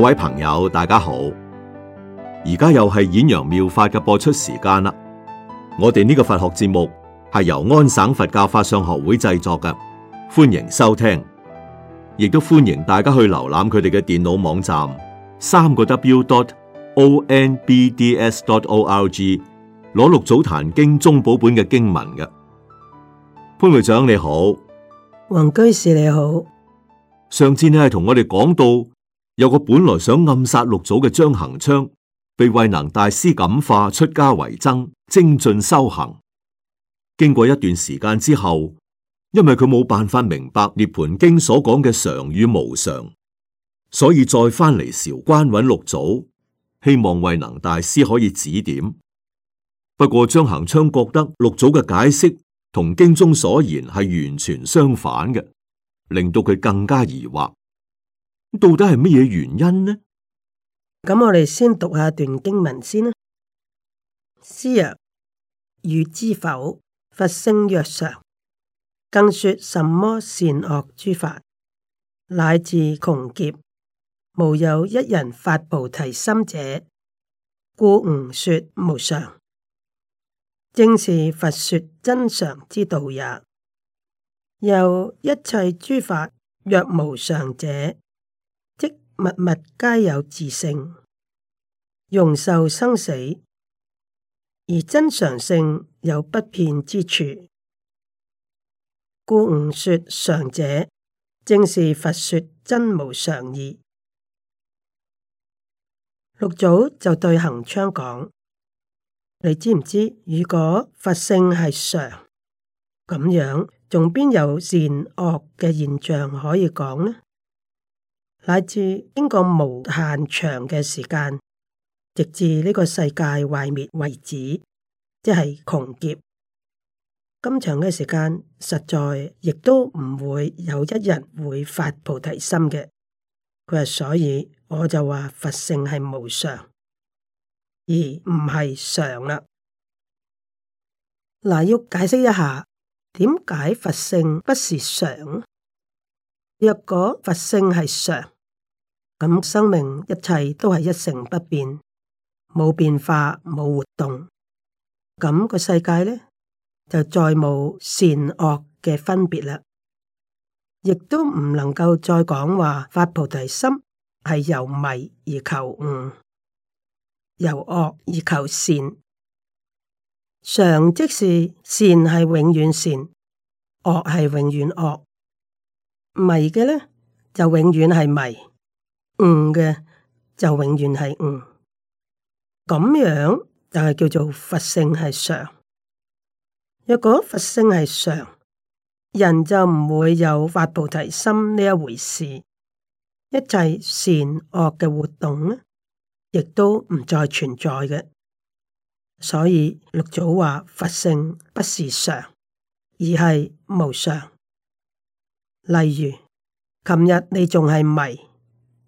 各位朋友，大家好！而家又係演揚妙法嘅播出時間啦。我哋呢個佛學節目係由安省佛教法相學會製作嘅，歡迎收聽，亦都歡迎大家去瀏覽佢哋嘅電腦網站：三個 W dot O N B D S dot O R G，攞六祖壇經中寶本嘅經文嘅。潘會長你好，黃居士你好。上次你係同我哋講到。有個本來想暗殺六祖嘅張行昌，被慧能大師感化出家為僧，精進修行。經過一段時間之後，因為佢冇辦法明白《涅槃經》所講嘅常與無常，所以再翻嚟韶關揾六祖，希望慧能大師可以指點。不過張行昌覺得六祖嘅解釋同經中所言係完全相反嘅，令到佢更加疑惑。到底係乜嘢原因呢？咁我哋先讀下段經文先啦。師曰：汝知否？佛性若常，更說什麼善惡諸法乃至窮劫，無有一人發菩提心者，故吾說無常，正是佛說真常之道也。又一切諸法若無常者。萬物皆有自性，容受生死，而真常性有不變之處，故吾說常者，正是佛說真無常義。六祖就對行昌講：你知唔知？如果佛性係常，咁樣仲邊有善惡嘅現象可以講呢？乃至經過無限長嘅時間，直至呢個世界毀滅為止，即係窮劫咁長嘅時間，實在亦都唔會有一日會發菩提心嘅。佢話所以我就話佛性係無常，而唔係常啦。嗱，要解釋一下點解佛性不是常？若果佛性係常，咁生命一切都係一成不變，冇變化，冇活動，咁個世界呢就再冇善惡嘅分別啦，亦都唔能夠再講話發菩提心係由迷而求悟，由惡而求善。常即是善係永遠善，惡係永遠惡，迷嘅呢就永遠係迷。誤嘅、嗯、就永遠係誤，咁樣就係叫做佛性係常。若果佛性係常，人就唔會有發菩提心呢一回事，一切善惡嘅活動亦都唔再存在嘅。所以六祖話佛性不是常，而係無常。例如，琴日你仲係迷。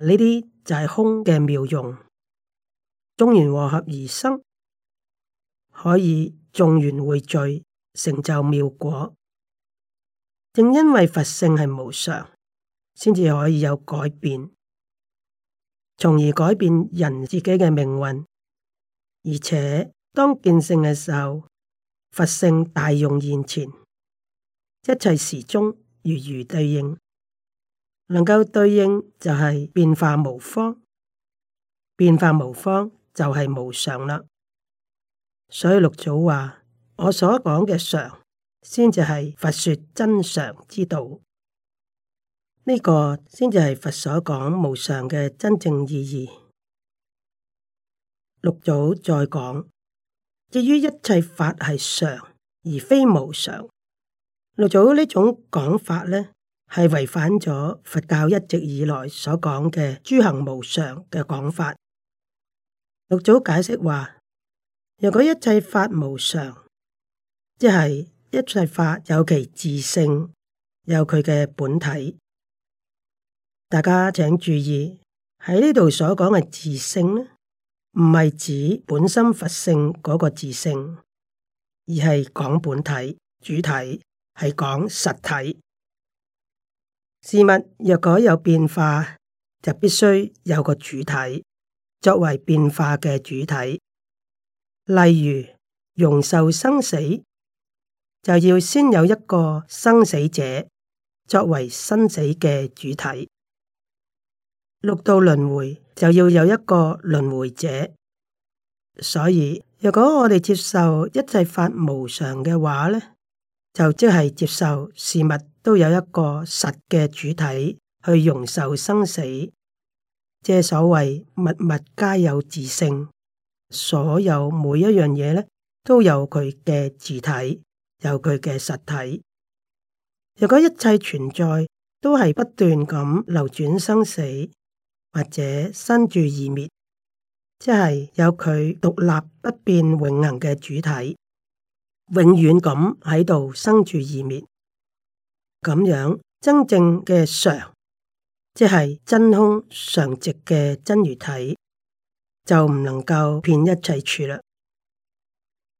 呢啲就係空嘅妙用，眾緣和合而生，可以眾緣匯聚，成就妙果。正因為佛性係無常，先至可以有改變，從而改變人自己嘅命運。而且當見性嘅時候，佛性大用現前，一切時中如如對應。能夠對應就係變化無方，變化無方就係無常啦。所以六祖話：我所講嘅常，先至係佛說真常之道。呢、這個先至係佛所講無常嘅真正意義。六祖再講：至於一切法係常，而非無常。六祖呢種講法呢。係違反咗佛教一直以來所講嘅諸行無常嘅講法。六祖解釋話，若果一切法無常，即係一切法有其自性，有佢嘅本體。大家請注意喺呢度所講嘅自性呢，唔係指本心佛性嗰個自性，而係講本體、主體，係講實體。.事物若果有變化，就必須有個主體作為變化嘅主體。例如，容受生死，就要先有一個生死者作為生死嘅主體。六道輪回就要有一個輪回者。所以，若果我哋接受一切法無常嘅話咧，就即係接受事物。都有一個實嘅主體去容受生死，借所謂物物皆有自性。所有每一樣嘢咧都有佢嘅自體，有佢嘅實體。若果一切存在都係不斷咁流轉生死，或者生住異滅，即係有佢獨立不變永恒嘅主體，永遠咁喺度生住異滅。咁樣真正嘅常，即係真空常直嘅真如體，就唔能夠遍一切處啦。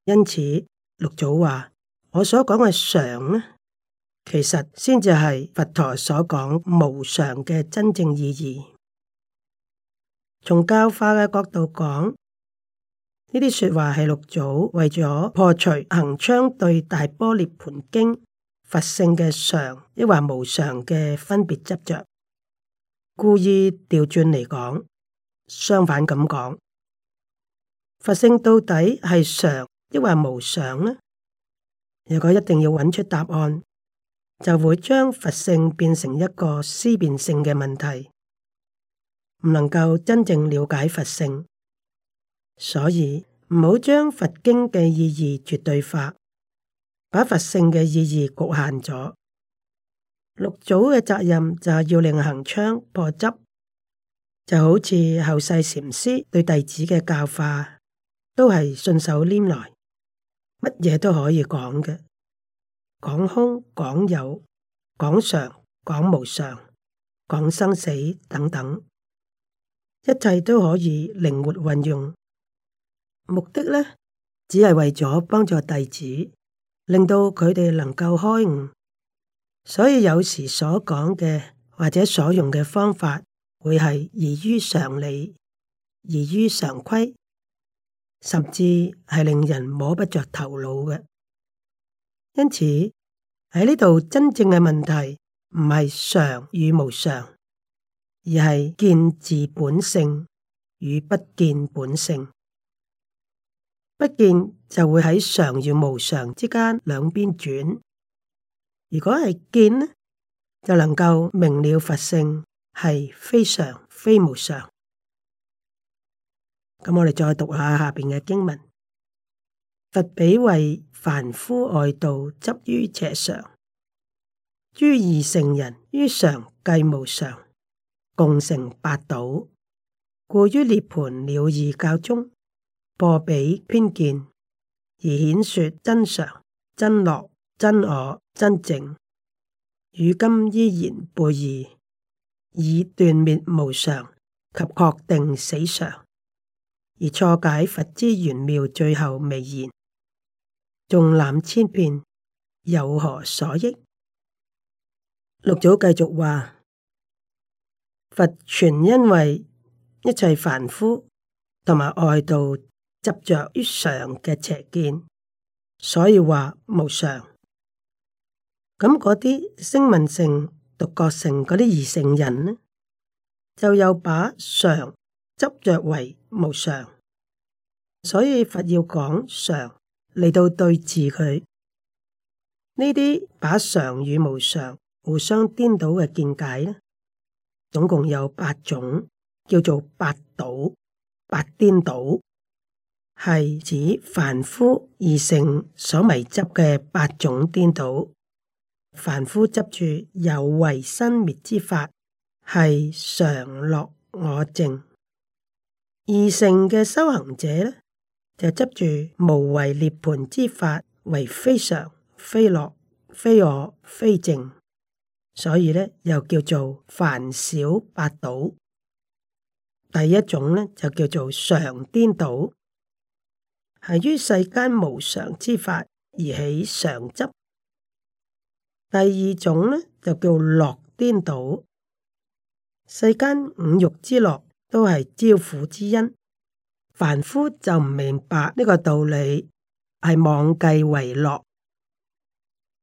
因此六祖話：我所講嘅常呢，其實先至係佛陀所講無常嘅真正意義。從教化嘅角度講，呢啲說話係六祖為咗破除行昌對《大般涅槃經》。佛性嘅常，抑或無常嘅分別執着，故意調轉嚟講，相反咁講，佛性到底係常，抑或無常呢？如果一定要揾出答案，就會將佛性變成一個思辨性嘅問題，唔能夠真正了解佛性。所以唔好將佛經嘅意義絕對化。把佛性嘅意義局限咗，六祖嘅責任就係要令行槍破執，就好似後世禪師對弟子嘅教化，都係順手拈來，乜嘢都可以講嘅，講空講有，講常講無常，講生死等等，一切都可以靈活運用，目的呢，只係為咗幫助弟子。令到佢哋能夠開悟，所以有時所講嘅或者所用嘅方法，會係異於常理、異於常規，甚至係令人摸不着頭腦嘅。因此喺呢度真正嘅問題，唔係常與無常，而係見自本性與不見本性。不見就會喺常與無常之間兩邊轉；如果係見呢，就能夠明了佛性係非常非無常。咁我哋再讀下下邊嘅經文：佛彼為凡夫外道執於邪常，諸二成人於常計無常，共成八道，故於涅槃了義教宗。」破彼偏見，而顯說真常、真樂、真我、真淨。如今依然背義，以斷滅無常及確定死常，而錯解佛之玄妙最後微言，縱覽千遍，有何所益？六祖繼續話：佛全因為一切凡夫同埋外道。執着於常嘅邪見，所以話無常。咁嗰啲聲聞乘、獨覺乘嗰啲二乘人呢，就有把常執着為無常。所以佛要講常嚟到對治佢呢啲把常與無常互相顛倒嘅見解呢，總共有八種，叫做八倒、八顛倒。係指凡夫二乘所迷執嘅八種顛倒。凡夫執住有為生滅之法，係常樂我淨；二乘嘅修行者呢，就執住無為涅槃之法，為非常、非樂、非我、非淨。所以呢，又叫做凡小八倒。第一種呢，就叫做常顛倒。係於世間無常之法而起常執。第二種呢，就叫樂顛倒，世間五欲之樂都係招苦之因。凡夫就唔明白呢個道理，係妄計為樂。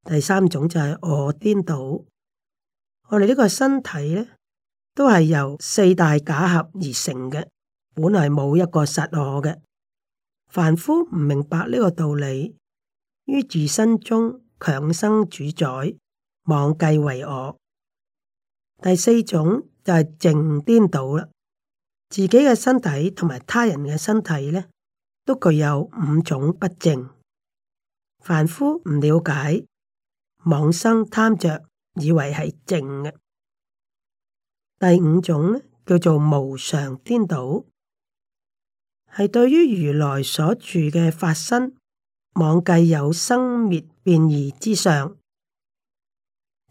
第三種就係我顛倒，我哋呢個身體呢，都係由四大假合而成嘅，本來冇一個實我嘅。凡夫唔明白呢個道理，於自身中強生主宰，妄計為我。第四種就係淨顛倒啦，自己嘅身體同埋他人嘅身體呢，都具有五種不淨。凡夫唔了解，妄生貪着，以為係淨嘅。第五種呢，叫做無常顛倒。係對於如來所住嘅法身，妄計有生滅變異之相；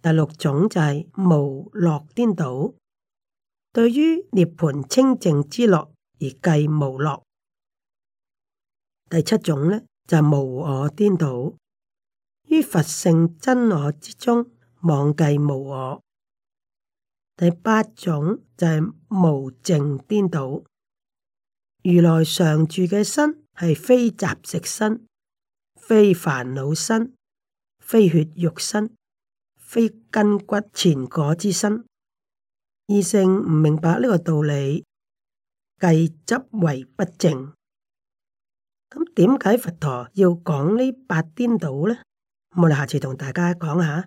第六種就係無樂顛倒，對於涅槃清淨之樂而計無樂；第七種呢，就係、無我顛倒，於佛性真我之中妄計無我；第八種就係無淨顛倒。如來常住嘅身係非雜食身，非煩惱身，非血肉身，非筋骨纏裹之身。二乘唔明白呢個道理，計執為不淨。咁點解佛陀要講呢八顛倒咧？我哋下次同大家講下。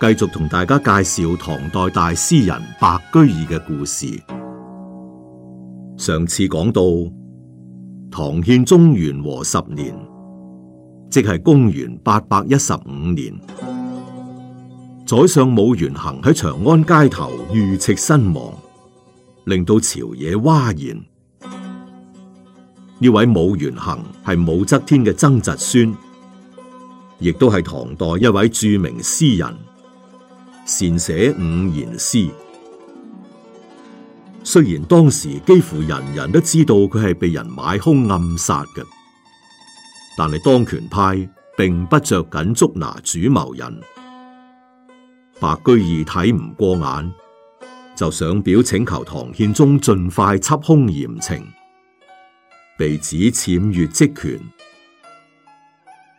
繼續同大家介紹唐代大詩人白居易嘅故事。上次講到唐憲宗元和十年，即係公元八百一十五年，宰相武元衡喺長安街頭遇刺身亡，令到朝野嘩然。呢位武元衡係武則天嘅曾侄孫，亦都係唐代一位著名詩人。善寫五言詩，雖然當時幾乎人人都知道佢係被人買凶暗殺嘅，但係當權派並不着緊捉拿主謀人。白居易睇唔過眼，就上表請求唐憲宗盡快緝凶嚴懲，被指僭越職權，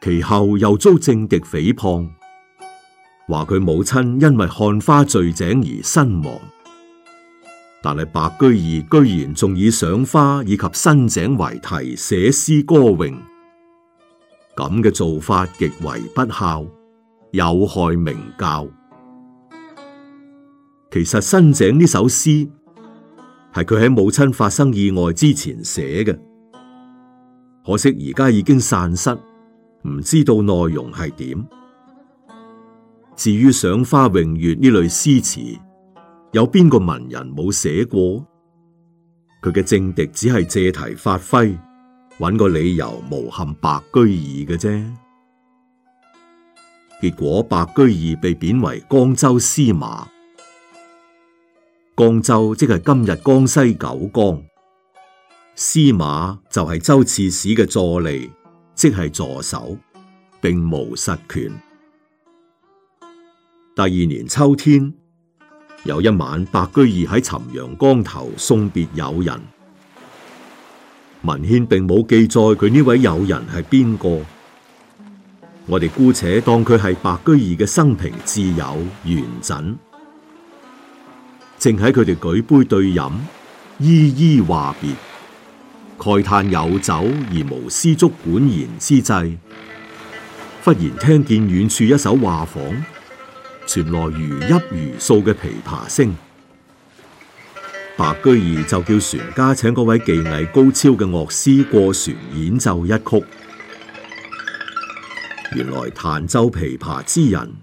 其後又遭政敵誹謗。話佢母親因為看花墜井而身亡，但係白居易居然仲以賞花以及新井為題寫詩歌詠，咁嘅做法極為不孝，有害名教。其實新井呢首詩係佢喺母親發生意外之前寫嘅，可惜而家已經散失，唔知道內容係點。至於賞花詠月呢類詩詞，有邊個文人冇寫過？佢嘅政敵只係借題發揮，揾個理由誣陷白居易嘅啫。結果白居易被貶為江州司馬。江州即係今日江西九江。司馬就係州刺史嘅助理，即係助手，並無實權。第二年秋天，有一晚，白居易喺潯陽江頭送別友人。文獻並冇記載佢呢位友人係邊個，我哋姑且當佢係白居易嘅生平摯友元稹。正喺佢哋舉杯對飲，依依話別，慨嘆有酒而無絲竹管弦之際，忽然聽見遠處一首畫舫，傳來如泣如訴嘅琵琶聲，白居易就叫船家請嗰位技藝高超嘅樂師過船演奏一曲。原來彈奏琵琶之人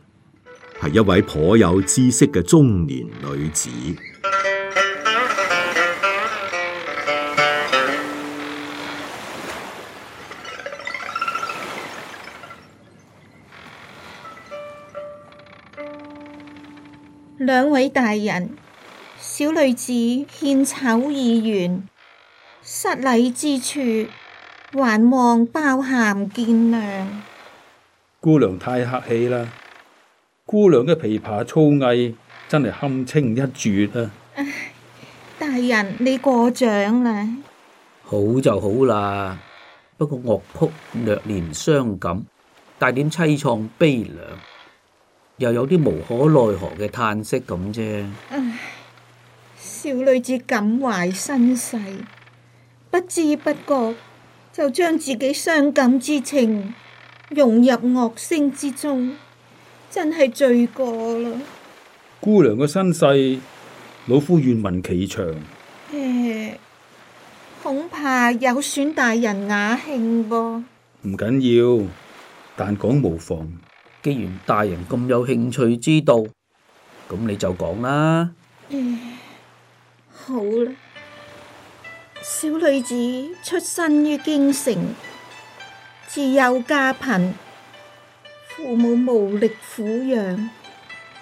係一位頗有知識嘅中年女子。兩位大人，小女子獻醜已完，失禮之處，還望包涵見諒。姑娘太客氣啦，姑娘嘅琵琶造詣真係堪稱一絕啊！大人，你過獎啦，好就好啦，不過樂曲略嫌傷感，帶點凄愴悲涼。又有啲無可奈何嘅嘆息咁啫。唉，小女子感懷身世，不知不覺就將自己傷感之情融入樂聲之中，真係罪過啦。姑娘嘅身世，老夫願聞其詳。誒，恐怕有損大人雅興噃。唔緊要，但講無妨。既然大人咁有興趣知道，咁你就講啦。嗯，好啦，小女子出身於京城，自幼家貧，父母無力撫養，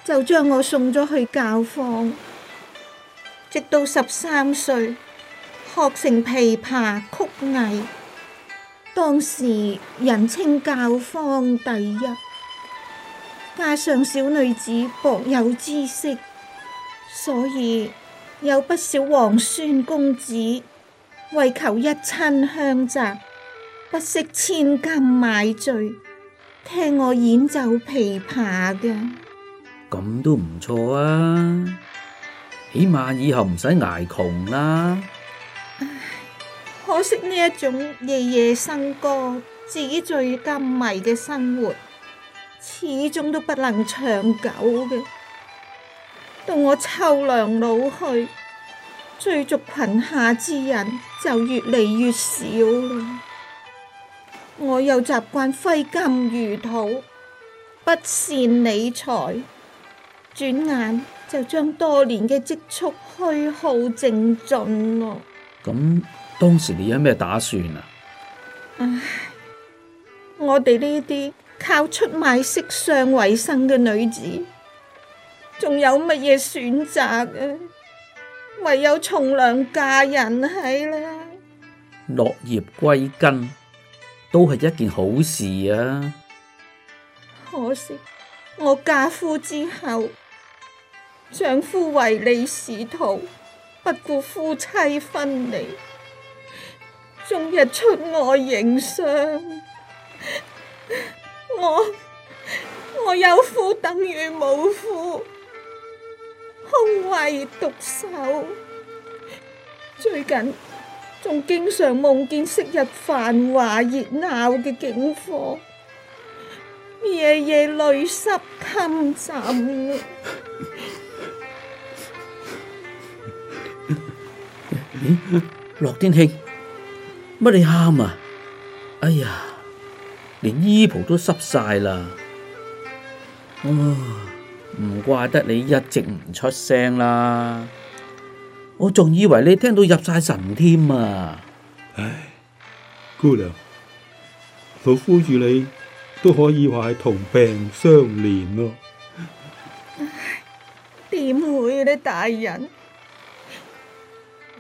就將我送咗去教坊，直到十三歲學成琵琶曲藝，當時人稱教坊第一。加上小女子薄有知識，所以有不少皇孫公子為求一親香澤，不惜千金買醉，聽我演奏琵琶嘅。咁都唔錯啊！起碼以後唔使捱窮啦。唉，可惜呢一種夜夜笙歌、紙醉金迷嘅生活。始終都不能長久嘅，到我秋娘老去，追逐裙下之人就越嚟越少啦。我又習慣揮金如土，不善理財，轉眼就將多年嘅積蓄虛耗淨盡啦。咁當時你有咩打算啊？唉，我哋呢啲。靠出賣色相為生嘅女子，仲有乜嘢選擇啊？唯有從良嫁人係啦。落葉歸根都係一件好事啊！可惜我嫁夫之後，丈夫唯利是圖，不顧夫妻分離，終日出外營商。 我我有夫等於冇夫，空懷獨守。最近仲經常夢見昔日繁華熱鬧嘅景況，夜夜淚濕衾枕。落天兄，乜你喊啊？哎呀！連衣袍都濕晒啦，唔、哦、怪得你一直唔出聲啦。我仲以為你聽到入晒神添啊！唉、哎，姑娘，老夫與你都可以話係同病相憐咯。點、哎、會呢？大人，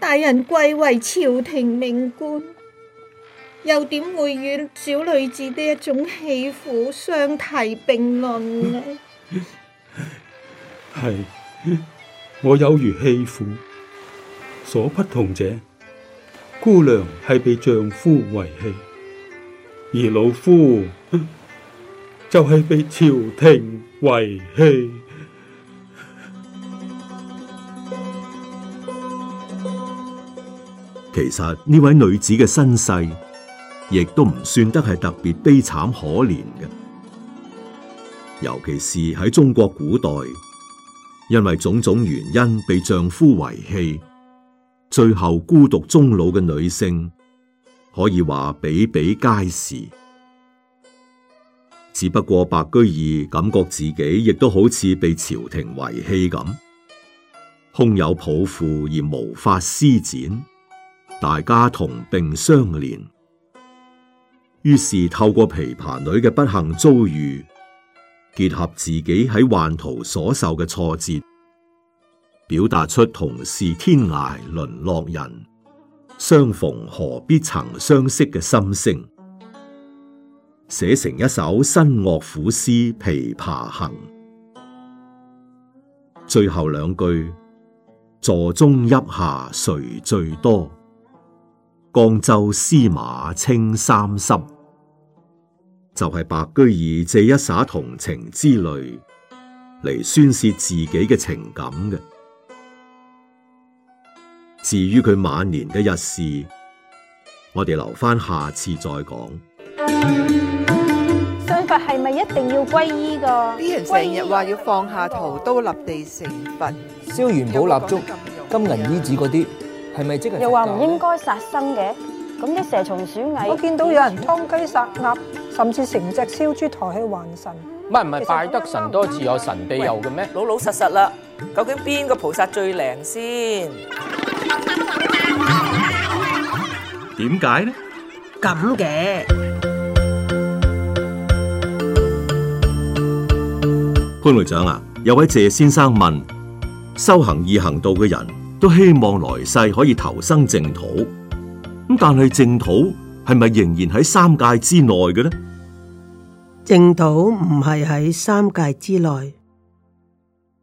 大人貴為朝廷命官。又點會與小女子的一種棄婦相提並論呢？係我有如棄婦。所不同者，姑娘係被丈夫遺棄，而老夫就係被朝廷遺棄。其實呢位女子嘅身世。亦都唔算得係特別悲慘可憐嘅，尤其是喺中國古代，因為種種原因被丈夫遺棄，最後孤獨終老嘅女性，可以話比比皆是。只不過白居易感覺自己亦都好似被朝廷遺棄咁，空有抱負而無法施展，大家同病相憐。於是透過琵琶女嘅不幸遭遇，結合自己喺宦途所受嘅挫折，表達出同是天涯淪落人，相逢何必曾相識嘅心聲，寫成一首新樂府詩《琵琶行》。最後兩句：座中泣下誰最多？江州司馬青衫濕。就係白居易借一灑同情之淚嚟宣泄自己嘅情感嘅。至於佢晚年嘅日事，我哋留翻下,下次再講。修佛係咪一定要皈依噶？啲人成日話要放下屠刀立地成佛，燒元寶蠟燭、金銀衣紙嗰啲，係咪即係又話唔應該殺生嘅？咁啲蛇蟲鼠蟻，我見到有人劏雞殺鴨，甚至成隻燒豬抬去還神。唔係唔係，拜得神多自有神庇佑嘅咩？老老實實啦，究竟邊個菩薩最靈先？點解呢？咁嘅潘會長啊，有位謝先生問：修行易行道嘅人都希望來世可以投生淨土。但係淨土係咪仍然喺三界之內嘅呢？淨土唔係喺三界之內，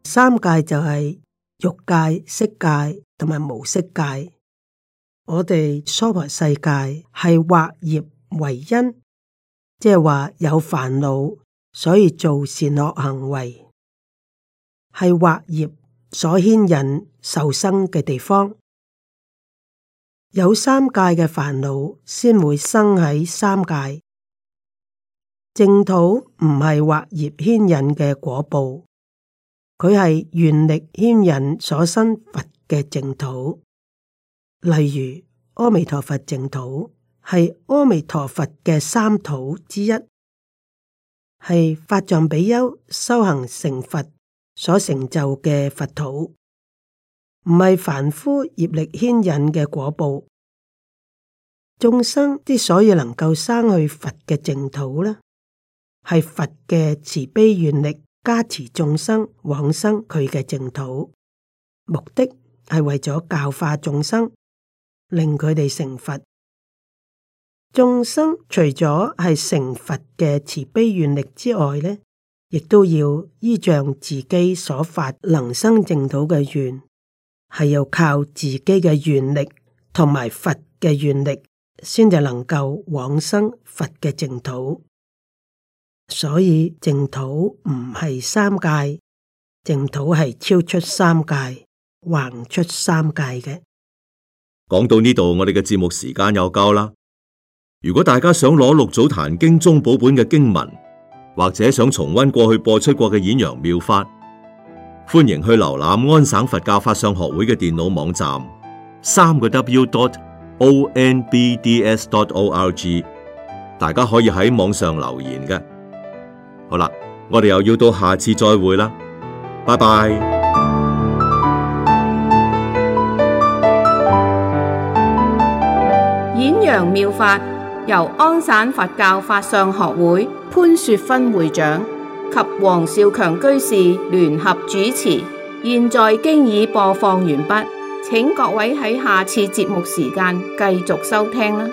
三界就係欲界、色界同埋無色界。我哋娑婆世界係惑業為因，即係話有煩惱，所以做善惡行為，係惑業所牽引受生嘅地方。有三界嘅煩惱，先會生喺三界。淨土唔係惑業牽引嘅果報，佢係願力牽引所生佛嘅淨土。例如，阿彌陀佛淨土係阿彌陀佛嘅三土之一，係法藏比丘修行成佛所成就嘅佛土。唔係凡夫業力牽引嘅果報，眾生之所以能夠生去佛嘅淨土呢，係佛嘅慈悲願力加持眾生往生佢嘅淨土，目的係為咗教化眾生，令佢哋成佛。眾生除咗係成佛嘅慈悲願力之外，呢亦都要依仗自己所發能生淨土嘅願。係要靠自己嘅願力同埋佛嘅願力，先至能夠往生佛嘅淨土。所以淨土唔係三界，淨土係超出三界、橫出三界嘅。講到呢度，我哋嘅節目時間又夠啦。如果大家想攞《六祖壇經》中寶本本嘅經文，或者想重温過去播出過嘅演揚妙法。歡迎去瀏覽安省佛教法相學會嘅電腦網站，三個 w.dot.o.n.b.d.s.dot.o.r.g，大家可以喺網上留言嘅。好啦，我哋又要到下次再會啦，拜拜。演揚妙法由安省佛教法相學會潘雪芬會長。及黃少強居士聯合主持，現在經已播放完畢，請各位喺下次節目時間繼續收聽啦。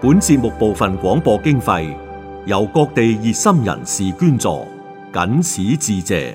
本節目部分廣播經費由各地熱心人士捐助，僅此致謝。